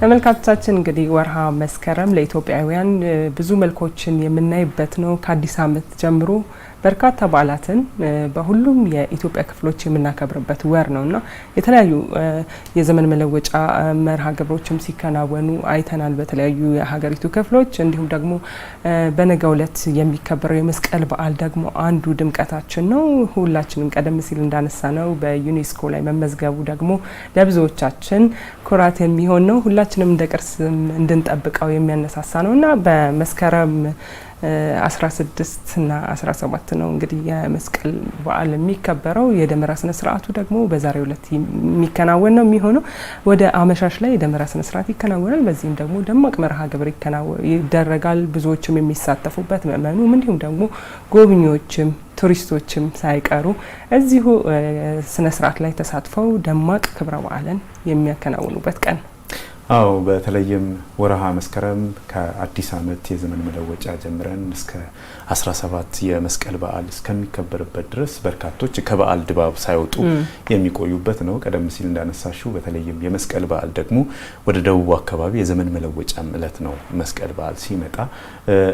ተመልካቾቻችን እንግዲህ ወርሃ መስከረም ለኢትዮጵያውያን ብዙ መልኮችን የምናይበት ነው። ከአዲስ ዓመት ጀምሮ በርካታ በዓላትን በሁሉም የኢትዮጵያ ክፍሎች የምናከብርበት ወር ነው እና የተለያዩ የዘመን መለወጫ መርሃ ግብሮችም ሲከናወኑ አይተናል በተለያዩ የሀገሪቱ ክፍሎች። እንዲሁም ደግሞ በነገ ዕለት የሚከበረው የመስቀል በዓል ደግሞ አንዱ ድምቀታችን ነው። ሁላችንም ቀደም ሲል እንዳነሳ ነው በዩኔስኮ ላይ መመዝገቡ ደግሞ ለብዙዎቻችን ኩራት የሚሆን ነው። ሁላችንም እንደ ቅርስ እንድንጠብቀው የሚያነሳሳ ነው እና በመስከረም 16 እና 17 ነው እንግዲህ የመስቀል በዓል የሚከበረው። የደመራ ስነ ስርዓቱ ደግሞ በዛሬው ዕለት የሚከናወን ነው የሚሆነው። ወደ አመሻሽ ላይ የደመራ ስነ ስርዓት ይከናወናል። በዚህም ደግሞ ደማቅ መርሃ ግብር ይደረጋል። ብዙዎችም የሚሳተፉበት ምእመኑም፣ እንዲሁም ደግሞ ጎብኚዎችም ቱሪስቶችም ሳይቀሩ እዚሁ ስነ ስርዓት ላይ ተሳትፈው ደማቅ ክብረ በዓልን የሚያከናውኑበት ቀን ነው። አዎ በተለይም ወረሃ መስከረም ከአዲስ ዓመት የዘመን መለወጫ ጀምረን እስከ 17 የመስቀል በዓል እስከሚከበርበት ድረስ በርካቶች ከበዓል ድባብ ሳይወጡ የሚቆዩበት ነው። ቀደም ሲል እንዳነሳሽው በተለይም የመስቀል በዓል ደግሞ ወደ ደቡብ አካባቢ የዘመን መለወጫም እለት ነው። መስቀል በዓል ሲመጣ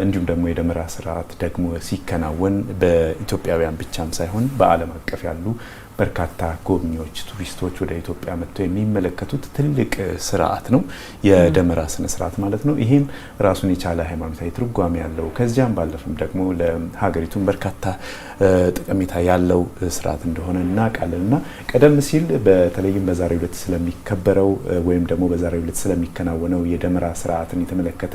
እንዲሁም ደግሞ የደመራ ስርዓት ደግሞ ሲከናወን በኢትዮጵያውያን ብቻም ሳይሆን በዓለም አቀፍ ያሉ በርካታ ጎብኚዎች፣ ቱሪስቶች ወደ ኢትዮጵያ መጥተው የሚመለከቱት ትልቅ ስርዓት ነው፣ የደመራ ስነ ስርዓት ማለት ነው። ይህም ራሱን የቻለ ሃይማኖታዊ ትርጓሜ ያለው ከዚያም ባለፈም ደግሞ ለሀገሪቱን በርካታ ጠቀሜታ ያለው ስርዓት እንደሆነ እናውቃለን እና ቀደም ሲል በተለይም በዛሬ ዕለት ስለሚከበረው ወይም ደግሞ በዛሬ ዕለት ስለሚከናወነው የደመራ ስርዓትን የተመለከተ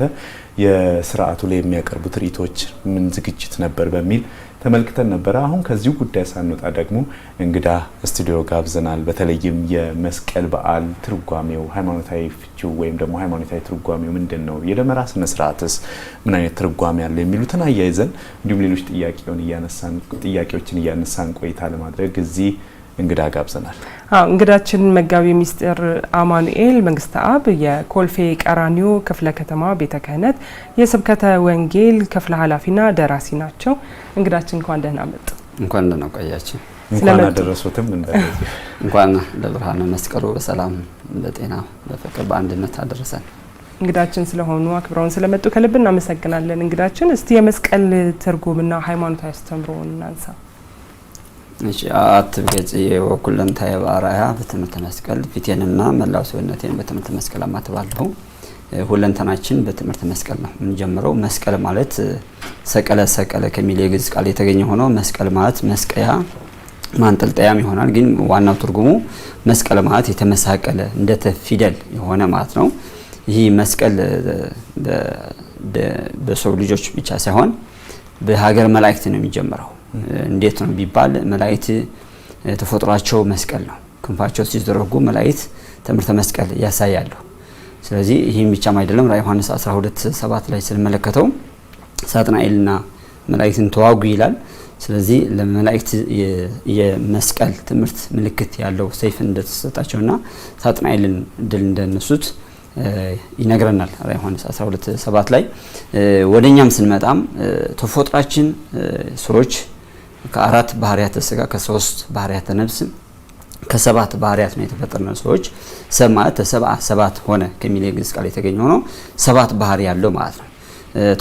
የስርዓቱ ላይ የሚያቀርቡት ሪቶች ምን ዝግጅት ነበር በሚል ተመልክተን ነበረ። አሁን ከዚሁ ጉዳይ ሳንወጣ ደግሞ እንግዳ ስቱዲዮ ጋብዘናል። በተለይም የመስቀል በዓል ትርጓሜው፣ ሃይማኖታዊ ፍቺው ወይም ደግሞ ሃይማኖታዊ ትርጓሜው ምንድን ነው? የደመራ ስነ ስርዓትስ ምን አይነት ትርጓሜ አለው? የሚሉትን አያይዘን እንዲሁም ሌሎች ጥያቄዎችን እያነሳን ቆይታ ለማድረግ እዚህ እንግዳ ጋብዘናል። እንግዳችን መጋቢ ሚስጥር አማኑኤል መንግስተ አብ የኮልፌ ቀራኒዮ ክፍለ ከተማ ቤተ ክህነት የስብከተ ወንጌል ክፍለ ኃላፊና ደራሲ ናቸው። እንግዳችን እንኳን ደህና መጡ። እንኳን ደህና ቆያችን። እንኳን አደረሱትም። እንኳን ለብርሃነ መስቀሉ በሰላም በጤና በፍቅር በአንድነት አደረሰን። እንግዳችን ስለሆኑ አክብረውን ስለመጡ ከልብ እናመሰግናለን። እንግዳችን እስቲ የመስቀል ትርጉምና ሃይማኖታዊ አስተምሮውን እናንሳ። አትብገጽ ወኩለንታየ በአርአያ በትምህርተ መስቀል ፊቴንና መላው ሰውነቴን በትምህርተ መስቀል አማትባለሁ። ሁለንተናችን በትምህርተ መስቀል ነው የምንጀምረው። መስቀል ማለት ሰቀለ ሰቀለ ከሚል የግዕዝ ቃል የተገኘ ሆኖ መስቀል ማለት መስቀያ ማንጠልጠያም ይሆናል። ግን ዋናው ትርጉሙ መስቀል ማለት የተመሳቀለ እንደተ ፊደል የሆነ ማለት ነው። ይህ መስቀል በሰው ልጆች ብቻ ሳይሆን በሀገር መላእክት ነው የሚጀምረው እንዴት ነው ቢባል መላእክት ተፈጥሯቸው መስቀል ነው። ክንፋቸው ሲዘረጉ መላእክት ትምህርተ መስቀል ያሳያሉ። ስለዚህ ይህም ብቻም አይደለም ራዕየ ዮሐንስ 12:7 ላይ ስንመለከተው ሳጥናኤልና መላእክትን ተዋጉ ይላል። ስለዚህ ለመላእክት የመስቀል ትምህርት ምልክት ያለው ሰይፍ እንደተሰጣቸውና ሳጥናኤልን ድል እንደነሱት ይነግረናል ራዕየ ዮሐንስ 12:7 ላይ። ወደኛም ስንመጣም ተፈጥሯችን ሰዎች ከአራት ባህርያተ ስጋ ከሶስት ባህርያተ ነፍስም ከሰባት ባህርያት ነው የተፈጠርነው ሰዎች። ሰብ ማለት ተሰብአ ሰባት ሆነ ከሚል የግዕዝ ቃል የተገኘ ሆኖ ሰባት ባህሪ ያለው ማለት ነው።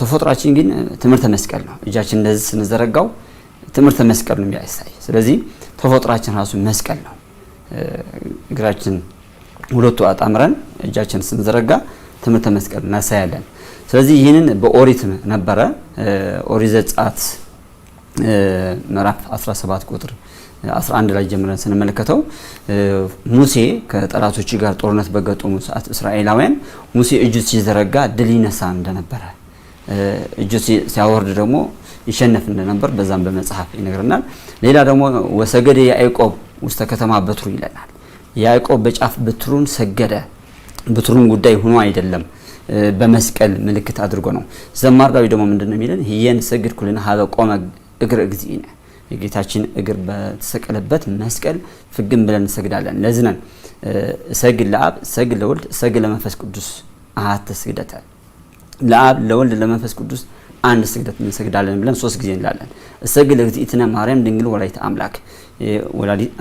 ተፈጥሯችን ግን ትምህርተ መስቀል ነው። እጃችን እንደዚህ ስንዘረጋው ትምህርተ መስቀል ነው የሚያሳይ። ስለዚህ ተፈጥሯችን ራሱ መስቀል ነው። እግራችን ሁለቱ አጣምረን እጃችን ስንዘረጋ ትምህርተ መስቀል እናሳያለን። ስለዚህ ይህንን በኦሪት ነበረ ኦሪት ዘጸአት ምዕራፍ 17 ቁጥር 11 ላይ ጀምረን ስንመለከተው ሙሴ ከጠላቶች ጋር ጦርነት በገጠሙ ሰዓት እስራኤላውያን ሙሴ እጁ ሲዘረጋ ድል ይነሳ እንደነበረ እጁ ሲያወርድ ደግሞ ይሸነፍ እንደነበር በዛም በመጽሐፍ ይነግረናል። ሌላ ደግሞ ወሰገደ ያዕቆብ ውስተ ከተማ በትሩ ይለናል። ያዕቆብ በጫፍ በትሩን ሰገደ። በትሩን ጉዳይ ሆኖ አይደለም በመስቀል ምልክት አድርጎ ነው። ዘማርዳዊ ደግሞ ምንድነው የሚለን? ህየን ሰግድ ኩልን ሀበ ቆመ እግር እግዚእነ የጌታችን እግር በተሰቀለበት መስቀል ፍግም ብለን እንሰግዳለን። ለዝነን ነን እሰግድ ለአብ እሰግድ ለወልድ እሰግድ ለመንፈስ ቅዱስ አሐተ ስግደተ ለአብ ለወልድ ለመንፈስ ቅዱስ አንድ ስግደት እንሰግዳለን ብለን ሶስት ጊዜ እንላለን። እሰግድ ለእግዝእትነ ማርያም ድንግል ወላዲተ አምላክ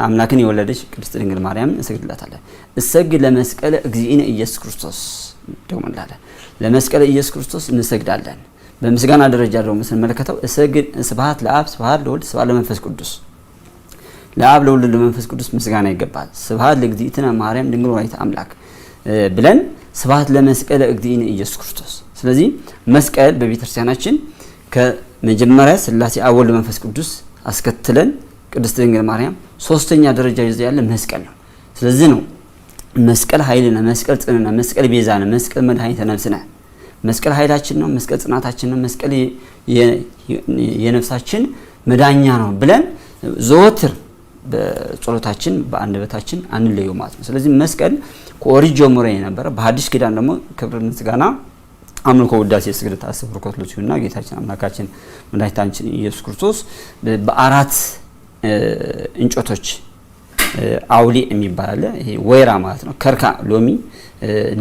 አምላክን የወለደች ቅድስት ድንግል ማርያም እንሰግድላታለን። እሰግድ ለመስቀለ እግዚእነ ኢየሱስ ክርስቶስ ደግሞ እንላለን። ለመስቀለ ኢየሱስ ክርስቶስ እንሰግዳለን። በምስጋና ደረጃ ደግሞ ስንመለከተው ስብሐት ለአብ ስብሐት ለወልድ ስብሐት ለመንፈስ ቅዱስ ለአብ ለወልድ ለመንፈስ ቅዱስ ምስጋና ይገባል። ስብሐት ለእግዝእትነ ማርያም ድንግል ወላዲተ አምላክ ብለን ስብሐት ለመስቀል ለእግዚእነ ኢየሱስ ክርስቶስ። ስለዚህ መስቀል በቤተክርስቲያናችን ከመጀመሪያ ስላሴ አብ ወልድ መንፈስ ቅዱስ አስከትለን ቅድስት ድንግል ማርያም ሶስተኛ ደረጃ ይዘ ያለ መስቀል ነው። ስለዚህ ነው መስቀል ኃይልነ መስቀል ጽንነ መስቀል ቤዛነ መስቀል መድኃኒተ ነፍስነ መስቀል ኃይላችን ነው፣ መስቀል ጽናታችን ነው፣ መስቀል የነፍሳችን መዳኛ ነው ብለን ዘወትር በጸሎታችን በአንደበታችን አንለየው ማለት ነው። ስለዚህ መስቀል ከኦሪት ጀምሮ የነበረ በሐዲስ ኪዳን ደግሞ ክብር ምስጋና አምልኮ ውዳሴ ስግደት አስብሮ ርኮት ልትዩና ጌታችን አምላካችን መድኃኒታችን ኢየሱስ ክርስቶስ በአራት እንጨቶች አውሊ የሚባል አለ። ወይራ ማለት ነው። ከርካ ሎሚ፣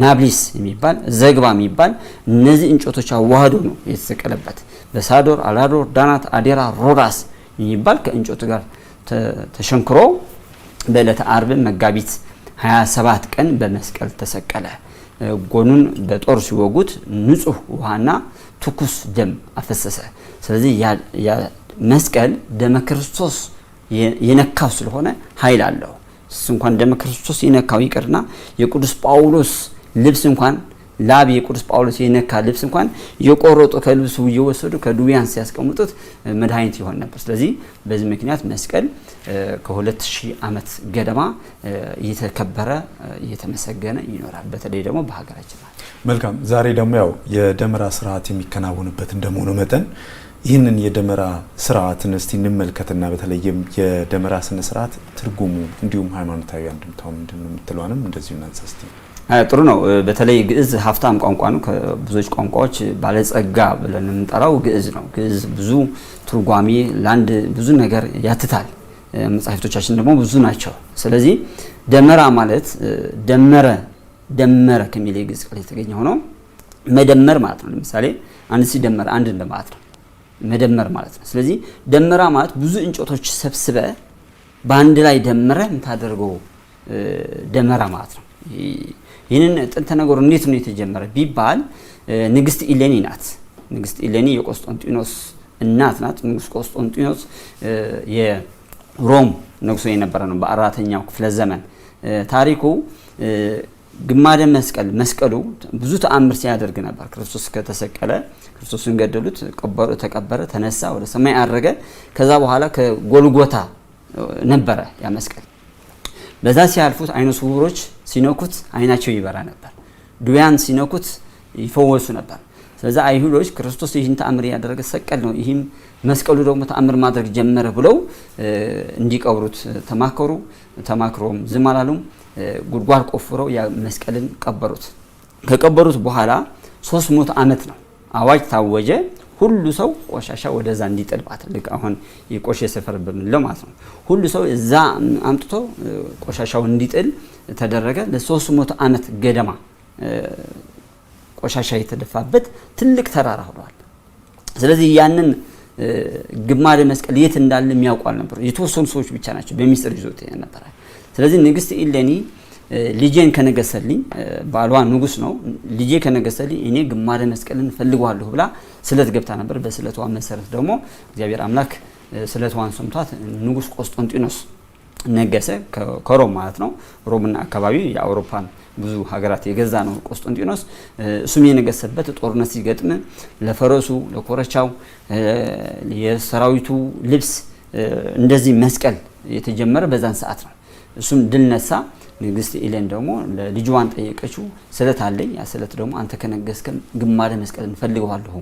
ናብሊስ የሚባል ዘግባ የሚባል እነዚህ እንጨቶች አዋህዶ ነው የተሰቀለበት። በሳዶር አላዶር፣ ዳናት፣ አዴራ፣ ሮዳስ የሚባል ከእንጨቱ ጋር ተሸንክሮ በዕለተ አርብ መጋቢት 27 ቀን በመስቀል ተሰቀለ። ጎኑን በጦር ሲወጉት ንጹህ ውሃና ትኩስ ደም አፈሰሰ። ስለዚህ መስቀል ደመ ክርስቶስ የነካው ስለሆነ ኃይል አለው። እሱ እንኳን ደመ ክርስቶስ የነካው ይቅርና የቅዱስ ጳውሎስ ልብስ እንኳን ላብ የቅዱስ ጳውሎስ የነካ ልብስ እንኳን የቆረጡ ከልብሱ እየወሰዱ ከዱቢያን ሲያስቀምጡት መድኃኒት ይሆን ነበር። ስለዚህ በዚህ ምክንያት መስቀል ከ2000 ዓመት ገደማ እየተከበረ እየተመሰገነ ይኖራል። በተለይ ደግሞ በሀገራችን መልካም። ዛሬ ደግሞ ያው የደመራ ስርዓት የሚከናወንበት እንደመሆኑ መጠን ይህንን የደመራ ስርዓትን እስቲ እንመልከትና በተለይም የደመራ ስነ ስርዓት ትርጉሙ እንዲሁም ሃይማኖታዊ አንድምታው ምንድን ነው የምትለዋንም እንደዚሁ እናንሳ እስቲ። ጥሩ ነው። በተለይ ግዕዝ ሀብታም ቋንቋ ነው። ከብዙዎች ቋንቋዎች ባለጸጋ ብለን የምንጠራው ግዕዝ ነው። ግዕዝ ብዙ ትርጓሜ ለአንድ ብዙ ነገር ያትታል። መጽሐፍቶቻችን ደግሞ ብዙ ናቸው። ስለዚህ ደመራ ማለት ደመረ ደመረ ከሚል የግዕዝ ቃል የተገኘ ሆኖ መደመር ማለት ነው። ለምሳሌ አንድ ሲደመረ አንድ እንደማለት ነው። መደመር ማለት ነው። ስለዚህ ደመራ ማለት ብዙ እንጨቶች ሰብስበ በአንድ ላይ ደምረ የምታደርገው ደመራ ማለት ነው። ይህንን ጥንተ ነገሩ እንዴት ነው የተጀመረ ቢባል ንግስት ኢሌኒ ናት። ንግስት ኢሌኒ የቆስጦንጢኖስ እናት ናት። ንጉስ ቆስጦንጢኖስ የሮም ንጉሶ የነበረ ነው በአራተኛው ክፍለ ዘመን ታሪኩ ግማደ መስቀል መስቀሉ ብዙ ተአምር ሲያደርግ ነበር። ክርስቶስ ከተሰቀለ ክርስቶስን ገደሉት፣ ቀበሩ፣ ተቀበረ፣ ተነሳ፣ ወደ ሰማይ አረገ። ከዛ በኋላ ከጎልጎታ ነበረ ያ መስቀል። በዛ ሲያልፉት አይነ ስውሮች ሲነኩት አይናቸው ይበራ ነበር። ድውያን ሲነኩት ይፈወሱ ነበር። ስለዚ አይሁዶች ክርስቶስ ይህን ተአምር ያደረገ ሰቀል ነው፣ ይህም መስቀሉ ደግሞ ተአምር ማድረግ ጀመረ ብለው እንዲቀብሩት ተማከሩ። ተማክሮም ዝም አላሉም። ጉድጓድ ቆፍረው መስቀልን ቀበሩት። ከቀበሩት በኋላ 300 ዓመት ነው አዋጅ ታወጀ። ሁሉ ሰው ቆሻሻ ወደዛ እንዲጥል ልክ አሁን የቆሼ ሰፈር በምንለው ማለት ነው። ሁሉ ሰው እዛ አምጥቶ ቆሻሻው እንዲጥል ተደረገ። ለ300 ዓመት ገደማ ቆሻሻ የተደፋበት ትልቅ ተራራ ሆኗል። ስለዚህ ያንን ግማደ መስቀል የት እንዳለ የሚያውቁ አልነበሩ። የተወሰኑ ሰዎች ብቻ ናቸው በሚስጥር ይዞት ነበራል። ስለዚህ ንግስት ኢሌኒ ልጄን ከነገሰልኝ ባሏ ንጉስ ነው። ልጄ ከነገሰልኝ እኔ ግማደ መስቀልን ፈልጓለሁ ብላ ስለት ገብታ ነበር። በስለቷ መሰረት ደግሞ እግዚአብሔር አምላክ ስለቷን ሰምቷት ንጉስ ቆስጦንጢኖስ ነገሰ። ከሮም ማለት ነው። ሮምና አካባቢ የአውሮፓን ብዙ ሀገራት የገዛ ነው ቆስጦንጢኖስ። እሱም የነገሰበት ጦርነት ሲገጥም ለፈረሱ፣ ለኮረቻው፣ የሰራዊቱ ልብስ እንደዚህ መስቀል የተጀመረ በዛን ሰዓት ነው። እሱም ድል ነሳ። ንግስት ኢሌን ደግሞ ልጅዋን ጠየቀችው። ስለት አለኝ፣ ያ ስለት ደግሞ አንተ ከነገስከን ግማደ መስቀል እንፈልገዋለሁ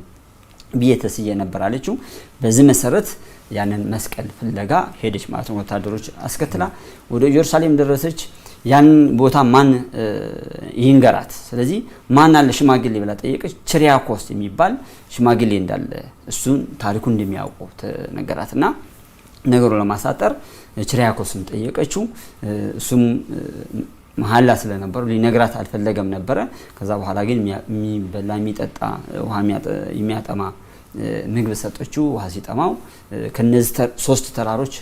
ብዬ ተስዬ ነበር አለችው። በዚህ መሰረት ያንን መስቀል ፍለጋ ሄደች ማለት ነው። ወታደሮች አስከትላ ወደ ኢየሩሳሌም ደረሰች። ያንን ቦታ ማን ይንገራት? ስለዚህ ማን አለ ሽማግሌ ብላ ጠየቀች። ችሪያኮስ የሚባል ሽማግሌ እንዳለ እሱን ታሪኩ እንደሚያውቁ ተነገራት እና ነገሩ ለማሳጠር ችሪያኮስን ጠየቀችው። እሱም መሀላ ስለነበረው ሊነግራት አልፈለገም ነበረ። ከዛ በኋላ ግን የሚበላ የሚጠጣ ውሃ የሚያጠማ ምግብ ሰጠችው። ውሃ ሲጠማው ከነዚህ ሶስት ተራሮች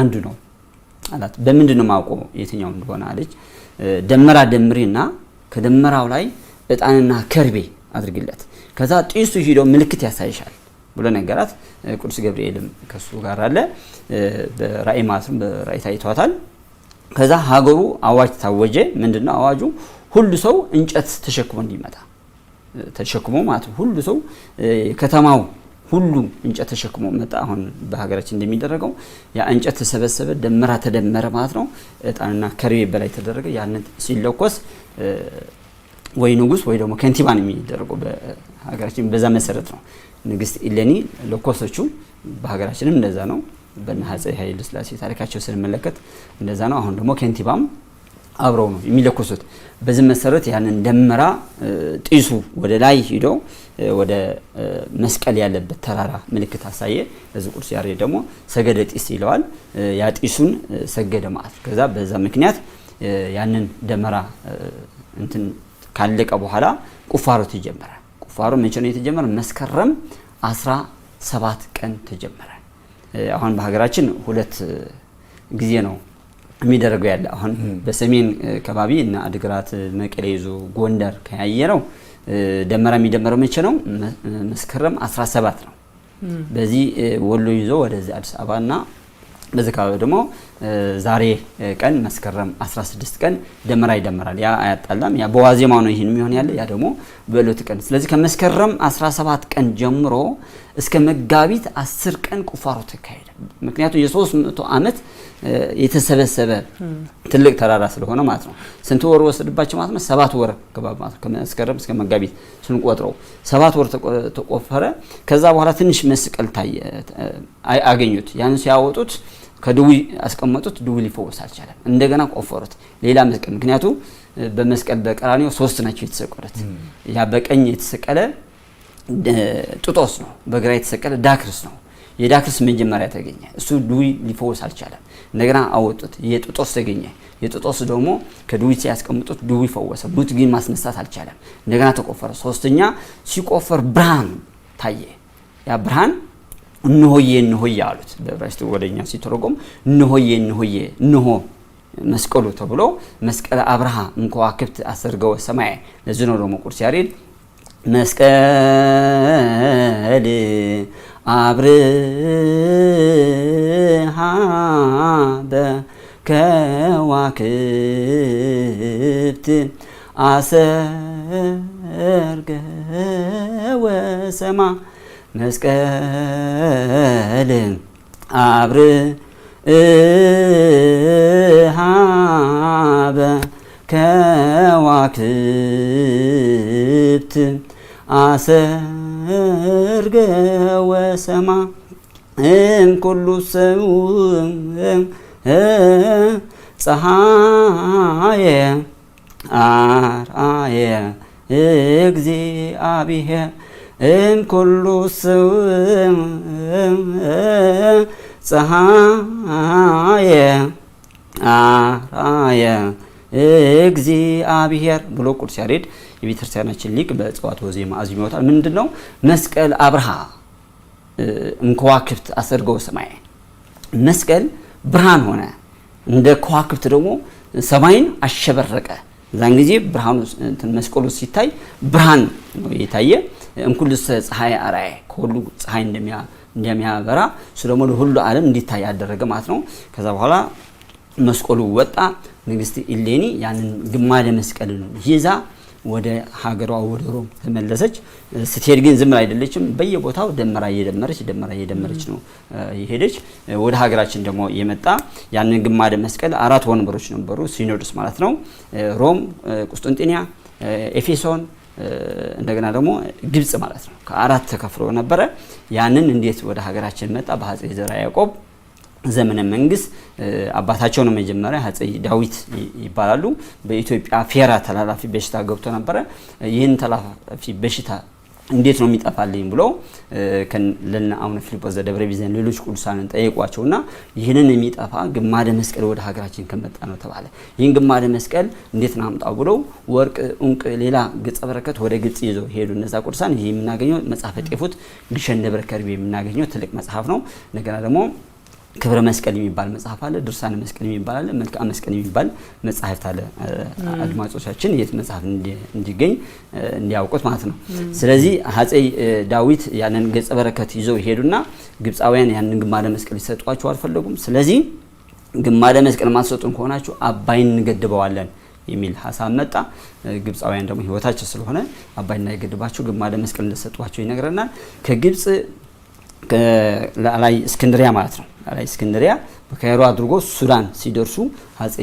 አንዱ ነው አላት። በምንድን ነው የማውቀው የትኛው እንደሆነ አለች። ደመራ ደምሪና ከደመራው ላይ እጣንና ከርቤ አድርግለት፣ ከዛ ጢሱ ሂዶ ምልክት ያሳይሻል ብሎ ነገራት። ቅዱስ ገብርኤልም ከሱ ጋር አለ። በራእይ ማለትም በራእይ ታይቷታል። ከዛ ሀገሩ አዋጅ ታወጀ። ምንድነው አዋጁ? ሁሉ ሰው እንጨት ተሸክሞ እንዲመጣ ተሸክሞ ማለት ነው። ሁሉ ሰው ከተማው ሁሉ እንጨት ተሸክሞ መጣ። አሁን በሀገራችን እንደሚደረገው ያ እንጨት ተሰበሰበ፣ ደመራ ተደመረ ማለት ነው። እጣንና ከርቤ በላይ ተደረገ። ያንን ሲለኮስ ወይ ንጉስ ወይ ደግሞ ከንቲባ ነው የሚደረገው በሀገራችን። በዛ መሰረት ነው ንግስት ኢሌኒ ለኮሰችው። በሀገራችንም እንደዛ ነው። በነ አፄ ኃይለ ሥላሴ ታሪካቸው ስንመለከት እንደዛ ነው። አሁን ደግሞ ከንቲባም አብረው ነው የሚለኮሱት። በዚህ መሰረት ያንን ደመራ ጢሱ ወደ ላይ ሂዶ ወደ መስቀል ያለበት ተራራ ምልክት አሳየ። በዚህ ቅዱስ ያሬድ ደግሞ ሰገደ ጢስ ይለዋል። ያ ጢሱን ሰገደ ማለት ከዛ በዛ ምክንያት ያንን ደመራ እንትን ካለቀ በኋላ ቁፋሮት ይጀመራል። ቁፋሮ መቼ ነው የተጀመረ? መስከረም 17 ቀን ተጀመረ። አሁን በሀገራችን ሁለት ጊዜ ነው የሚደረገው ያለ አሁን በሰሜን ከባቢ እና አድግራት፣ መቀሌ ይዞ ጎንደር ከያየ ነው ደመራ የሚደመረው መቼ ነው? መስከረም 17 ነው። በዚህ ወሎ ይዞ ወደዚህ አዲስ አበባ እና በዚህ አካባቢ ደግሞ ዛሬ ቀን መስከረም 16 ቀን ደመራ ይደመራል። ያ አያጣላም። ያ በዋዜማ ነው ይህን የሚሆን ያለ ያ ደግሞ በእለቱ ቀን። ስለዚህ ከመስከረም 17 ቀን ጀምሮ እስከ መጋቢት 10 ቀን ቁፋሮ ተካሄደ። ምክንያቱም የ300 ዓመት የተሰበሰበ ትልቅ ተራራ ስለሆነ ማለት ነው። ስንት ወር ወሰድባቸው ማለት ነው? ሰባት ወር ከባብ ከመስከረም እስከ መጋቢት ስንቆጥረው ሰባት ወር ተቆፈረ። ከዛ በኋላ ትንሽ መስቀል ታየ አገኙት። ያን ሲያወጡት ከድዊ አስቀመጡት፣ ድዊ ሊፈወስ አልቻለም። እንደገና ቆፈሩት ሌላ መስቀል። ምክንያቱ በመስቀል በቀራንዮ ሶስት ናቸው የተሰቀሉት። ያ በቀኝ የተሰቀለ ጥጦስ ነው፣ በግራ የተሰቀለ ዳክርስ ነው። የዳክርስ መጀመሪያ ተገኘ፣ እሱ ድዊ ሊፈወስ አልቻለም። እንደገና አወጡት፣ የጥጦስ ተገኘ። የጥጦስ ደግሞ ከድዊ ሲያስቀምጡት ድዊ ፈወሰ። ቡት ግን ማስነሳት አልቻለም። እንደገና ተቆፈረ። ሶስተኛ ሲቆፈር ብርሃን ታየ። ያ ብርሃን እንሆዬ እንሆዬ አሉት። በዕብራይስጡ ወደኛ ሲተረጎም እንሆዬ እንሆዬ እንሆ መስቀሉ ተብሎ መስቀል አብርሃ እምከዋክብት አሰርገወ ሰማይ ለዚህ ነው ደግሞ ቁርስ ያሬድ መስቀል አብርሃ በከዋክብት አሰርገወ ሰማይ መስቀል አብርሃበ ከዋክብት አሰርገወ ሰማ እምኩሉ ሰው ፀሐየ አርአየ እግዚአብሔር እምኩሉ ስውእ ፀሐየ አርአየ እግዚአብሔር ብሎ ቅዱስ ያሬድ የቤተክርስቲያናችን ሊቅ በእጽዋት ወዜማ አዝም ምንድን ነው መስቀል አብርሃ እምከዋክብት አሰርገው ሰማይ መስቀል ብርሃን ሆነ፣ እንደ ከዋክብት ደግሞ ሰማይን አሸበረቀ። እዛን ጊዜ ብርሃኑ መስቀሉ ሲታይ ብርሃን ነው የታየ። እምኩልስ ፀሐይ አርአያ ከሁሉ ፀሐይ እንደሚያበራ እሱ ደግሞ ለሁሉ ዓለም እንዲታይ ያደረገ ማለት ነው። ከዛ በኋላ መስቀሉ ወጣ። ንግስት ኢሌኒ ያንን ግማደ መስቀልን ይዛ ወደ ሀገሯ ወደ ሮም ተመለሰች። ስትሄድ ግን ዝም አይደለችም። በየቦታው ደመራ እየደመረች ደመራ እየደመረች ነው የሄደች። ወደ ሀገራችን ደግሞ የመጣ ያንን ግማደ መስቀል አራት ወንበሮች ነበሩ፣ ሲኖዶስ ማለት ነው። ሮም፣ ቁስጥንጥንያ፣ ኤፌሶን እንደገና ደግሞ ግብጽ ማለት ነው። ከአራት ተከፍሎ ነበረ። ያንን እንዴት ወደ ሀገራችን መጣ? በአፄ ዘርዓ ያዕቆብ ዘመነ መንግስት አባታቸው ነው መጀመሪያ አጼ ዳዊት ይባላሉ። በኢትዮጵያ ፌራ ተላላፊ በሽታ ገብቶ ነበረ። ይህን ተላላፊ በሽታ እንዴት ነው የሚጠፋልኝ ብሎ ለነ አቡነ ፊልጶስ ዘደብረ ቢዘን ሌሎች ቅዱሳንን ጠየቋቸውና ይህንን የሚጠፋ ግማደ መስቀል ወደ ሀገራችን ከመጣ ነው ተባለ። ይህን ግማደ መስቀል እንዴት ነው አምጣው ብለው ወርቅ፣ እንቁ፣ ሌላ ገጸ በረከት ወደ ግብጽ ይዞ ሄዱ እነዛ ቅዱሳን። ይህ የምናገኘው መጽሐፈ ጤፉት ግሸን ደብረ ከርቤ የምናገኘው ትልቅ መጽሐፍ ነው። እንደገና ደግሞ ክብረ መስቀል የሚባል መጽሐፍ አለ። ድርሳነ መስቀል የሚባል አለ። መልክዓ መስቀል የሚባል መጽሐፍት አለ። አድማጮቻችን የት መጽሐፍ እንዲገኝ እንዲያውቁት ማለት ነው። ስለዚህ አፄ ዳዊት ያንን ገጸ በረከት ይዘው ይሄዱና ግብፃውያን ያንን ግማደ መስቀል ይሰጧቸው አልፈለጉም። ስለዚህ ግማደ መስቀል ማትሰጡን ከሆናችሁ አባይን እንገድበዋለን የሚል ሀሳብ መጣ። ግብፃውያን ደግሞ ህይወታቸው ስለሆነ አባይ እንዳይገድባቸው ግማደ መስቀል እንደሰጧቸው ይነግረናል። ከግብፅ ላይ እስክንድሪያ ማለት ነው ላይ እስክንድሪያ በካይሮ አድርጎ ሱዳን ሲደርሱ አጼ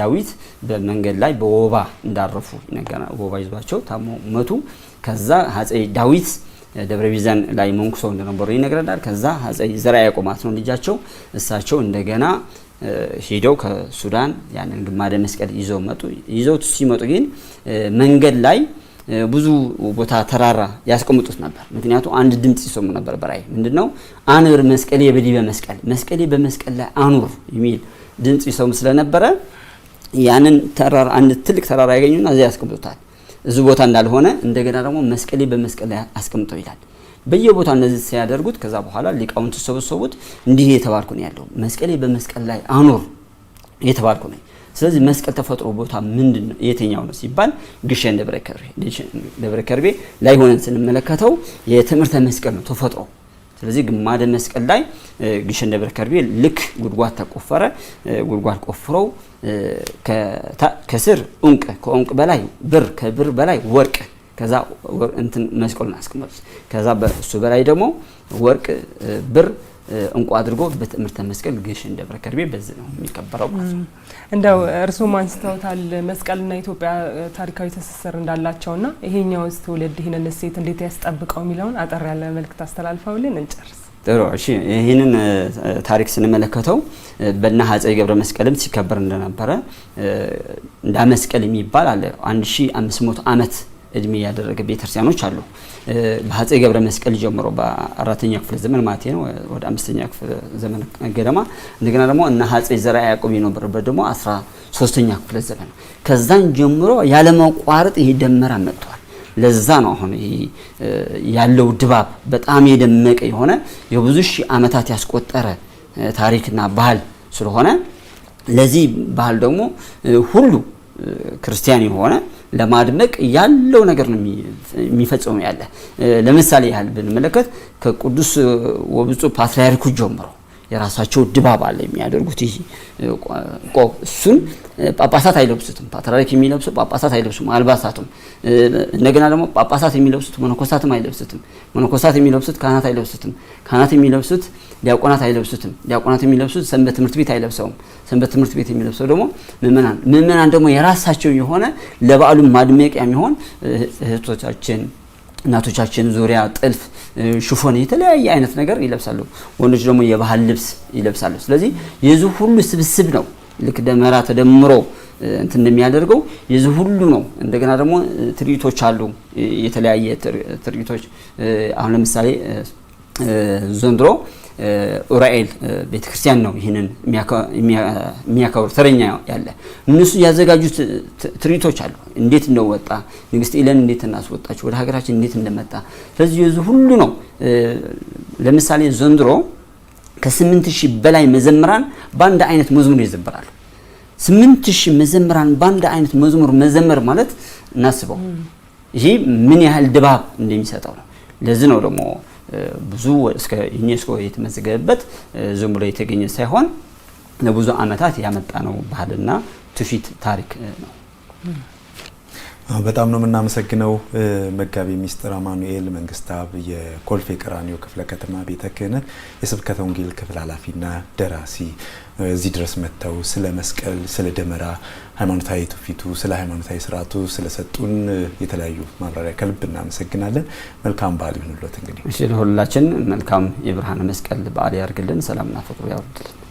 ዳዊት በመንገድ ላይ በወባ እንዳረፉ ይነገራል። ወባ ይዟቸው ታሞ መቱ። ከዛ አጼ ዳዊት ደብረ ቢዘን ላይ መንኩሰው እንደነበሩ ይነግረናል። ከዛ አጼ ዘርዓ ያዕቆብ ማለት ነው ልጃቸው፣ እሳቸው እንደገና ሄደው ከሱዳን ያንን ግማደ መስቀል ይዘው መጡ። ይዘው ሲመጡ ግን መንገድ ላይ ብዙ ቦታ ተራራ ያስቀምጡት ነበር። ምክንያቱ አንድ ድምፅ ይሰሙ ነበር በራይ ምንድን ነው አኑር መስቀሌ በዲበ መስቀል መስቀሌ በመስቀል ላይ አኑር የሚል ድምፅ ይሰሙ ስለነበረ ያንን ተራራ አንድ ትልቅ ተራራ ያገኙና እዚያ ያስቀምጡታል። እዚ ቦታ እንዳልሆነ እንደገና ደግሞ መስቀሌ በመስቀል ላይ አስቀምጠው ይላል። በየቦታ እነዚህ ሲያደርጉት ከዛ በኋላ ሊቃውንት ተሰበሰቡት። እንዲህ የተባልኩ ነው ያለው መስቀሌ በመስቀል ላይ አኑር የተባልኩ ነው ስለዚህ መስቀል ተፈጥሮ ቦታ ምንድን ነው የትኛው ነው ሲባል ግሸን ደብረ ከርቤ ላይ ሆነን ስንመለከተው የትምህርተ መስቀል ነው ተፈጥሮ። ስለዚህ ግማደ መስቀል ላይ ግሸን ደብረ ከርቤ ልክ ጉድጓድ ተቆፈረ። ጉድጓድ ቆፍረው ከስር ዕንቁ ከእንቅ በላይ ብር ከብር በላይ ወርቅ ከዛ እንትን መስቀሉን አስቀመጡት። ከዛ በእሱ በላይ ደግሞ ወርቅ ብር እንቁ አድርጎ በትምህርተ መስቀል ግሽን ደብረ ከርቤ በዚ ነው የሚከበረው ማለት ነው። እንደው እርስዎም አንስተውታል መስቀልና ኢትዮጵያ ታሪካዊ ትስስር እንዳላቸውና ይሄኛው ትውልድ ይህንን እሴት እንዴት ያስጠብቀው የሚለውን አጠር ያለ መልእክት አስተላልፈውልን እንጨርስ። ጥሩ እሺ። ይህንን ታሪክ ስንመለከተው በና ሀፀይ ገብረ መስቀልም ሲከበር እንደነበረ እንዳ መስቀል የሚባል አለ 1500 አመት እድሜ ያደረገ ቤተክርስቲያኖች አሉ። በአፄ ገብረ መስቀል ጀምሮ በአራተኛ ክፍለ ዘመን ማለት ነው ወደ አምስተኛ ክፍለ ዘመን ገደማ እንደገና ደግሞ እና አፄ ዘርዓ ያዕቆብ የነበረበት ደግሞ አስራ ሶስተኛ ክፍለ ዘመን ከዛን ጀምሮ ያለመቋረጥ ይሄ ደመራ መጥቷል። ለዛ ነው አሁን ይሄ ያለው ድባብ በጣም የደመቀ የሆነ የብዙ ሺህ ዓመታት ያስቆጠረ ታሪክና ባህል ስለሆነ ለዚህ ባህል ደግሞ ሁሉ ክርስቲያን የሆነ ለማድነቅ ያለው ነገር ነው የሚፈጽሙ ያለ ለምሳሌ ያህል ብንመለከት ከቅዱስ ወብፁዕ ፓትርያርኩ ጀምሮ የራሳቸው ድባብ አለ የሚያደርጉት። ይህ እሱን ጳጳሳት አይለብሱትም። ፓትርያርክ የሚለብሱ ጳጳሳት አይለብሱም አልባሳቱም። እንደገና ደግሞ ጳጳሳት የሚለብሱት መነኮሳትም አይለብሱትም። መነኮሳት የሚለብሱት ካህናት አይለብሱትም። ካህናት የሚለብሱት ዲያቆናት አይለብሱትም። ዲያቆናት የሚለብሱት ሰንበት ትምህርት ቤት አይለብሰውም። ሰንበት ትምህርት ቤት የሚለብሰው ደግሞ ምእመናን ምእመናን ደግሞ የራሳቸው የሆነ ለበዓሉ ማድመቂያ የሚሆን እህቶቻችን እናቶቻችን ዙሪያ ጥልፍ፣ ሽፎን የተለያየ አይነት ነገር ይለብሳሉ። ወንዶች ደግሞ የባህል ልብስ ይለብሳሉ። ስለዚህ የዚህ ሁሉ ስብስብ ነው። ልክ ደመራ ተደምሮ እንትን እንደሚያደርገው የዚህ ሁሉ ነው። እንደገና ደግሞ ትርኢቶች አሉ። የተለያየ ትርኢቶች አሁን ለምሳሌ ዘንድሮ ኡራኤል ቤተክርስቲያን ነው ይህንን የሚያከብሩ ተረኛ ያለ እነሱ ያዘጋጁት ትርኢቶች አሉ። እንዴት እንደወጣ ንግስት ኢለን እንዴት እናስወጣቸው ወደ ሀገራችን እንዴት እንደመጣ ስለዚህ የዙ ሁሉ ነው። ለምሳሌ ዘንድሮ ከስምንት ሺህ በላይ መዘምራን በአንድ አይነት መዝሙር ይዘምራሉ። ስምንት ሺህ መዘምራን በአንድ አይነት መዝሙር መዘመር ማለት እናስበው ይህ ምን ያህል ድባብ እንደሚሰጠው ነው። ለዚህ ነው ደግሞ ብዙ እስከ ዩኔስኮ የተመዘገበበት ዝም ብሎ የተገኘ ሳይሆን ለብዙ ዓመታት ያመጣ ነው ባህልና ትውፊት ታሪክ ነው። በጣም ነው የምናመሰግነው መጋቢ ሚስጥር አማኑኤል መንግስታብ የኮልፌ ቀራኒዮ ክፍለ ከተማ ቤተ ክህነት የስብከተ ወንጌል ክፍል ኃላፊና ደራሲ እዚህ ድረስ መጥተው ስለ መስቀል፣ ስለ ደመራ ሃይማኖታዊ ትውፊቱ፣ ስለ ሃይማኖታዊ ስርዓቱ ስለሰጡን የተለያዩ ማብራሪያ ከልብ እናመሰግናለን። መልካም በዓል ይሁንሎት። እንግዲህ ሁላችን መልካም የብርሃነ መስቀል በዓል ያርግልን፣ ሰላምና ፍቅሩ ያወርድልን።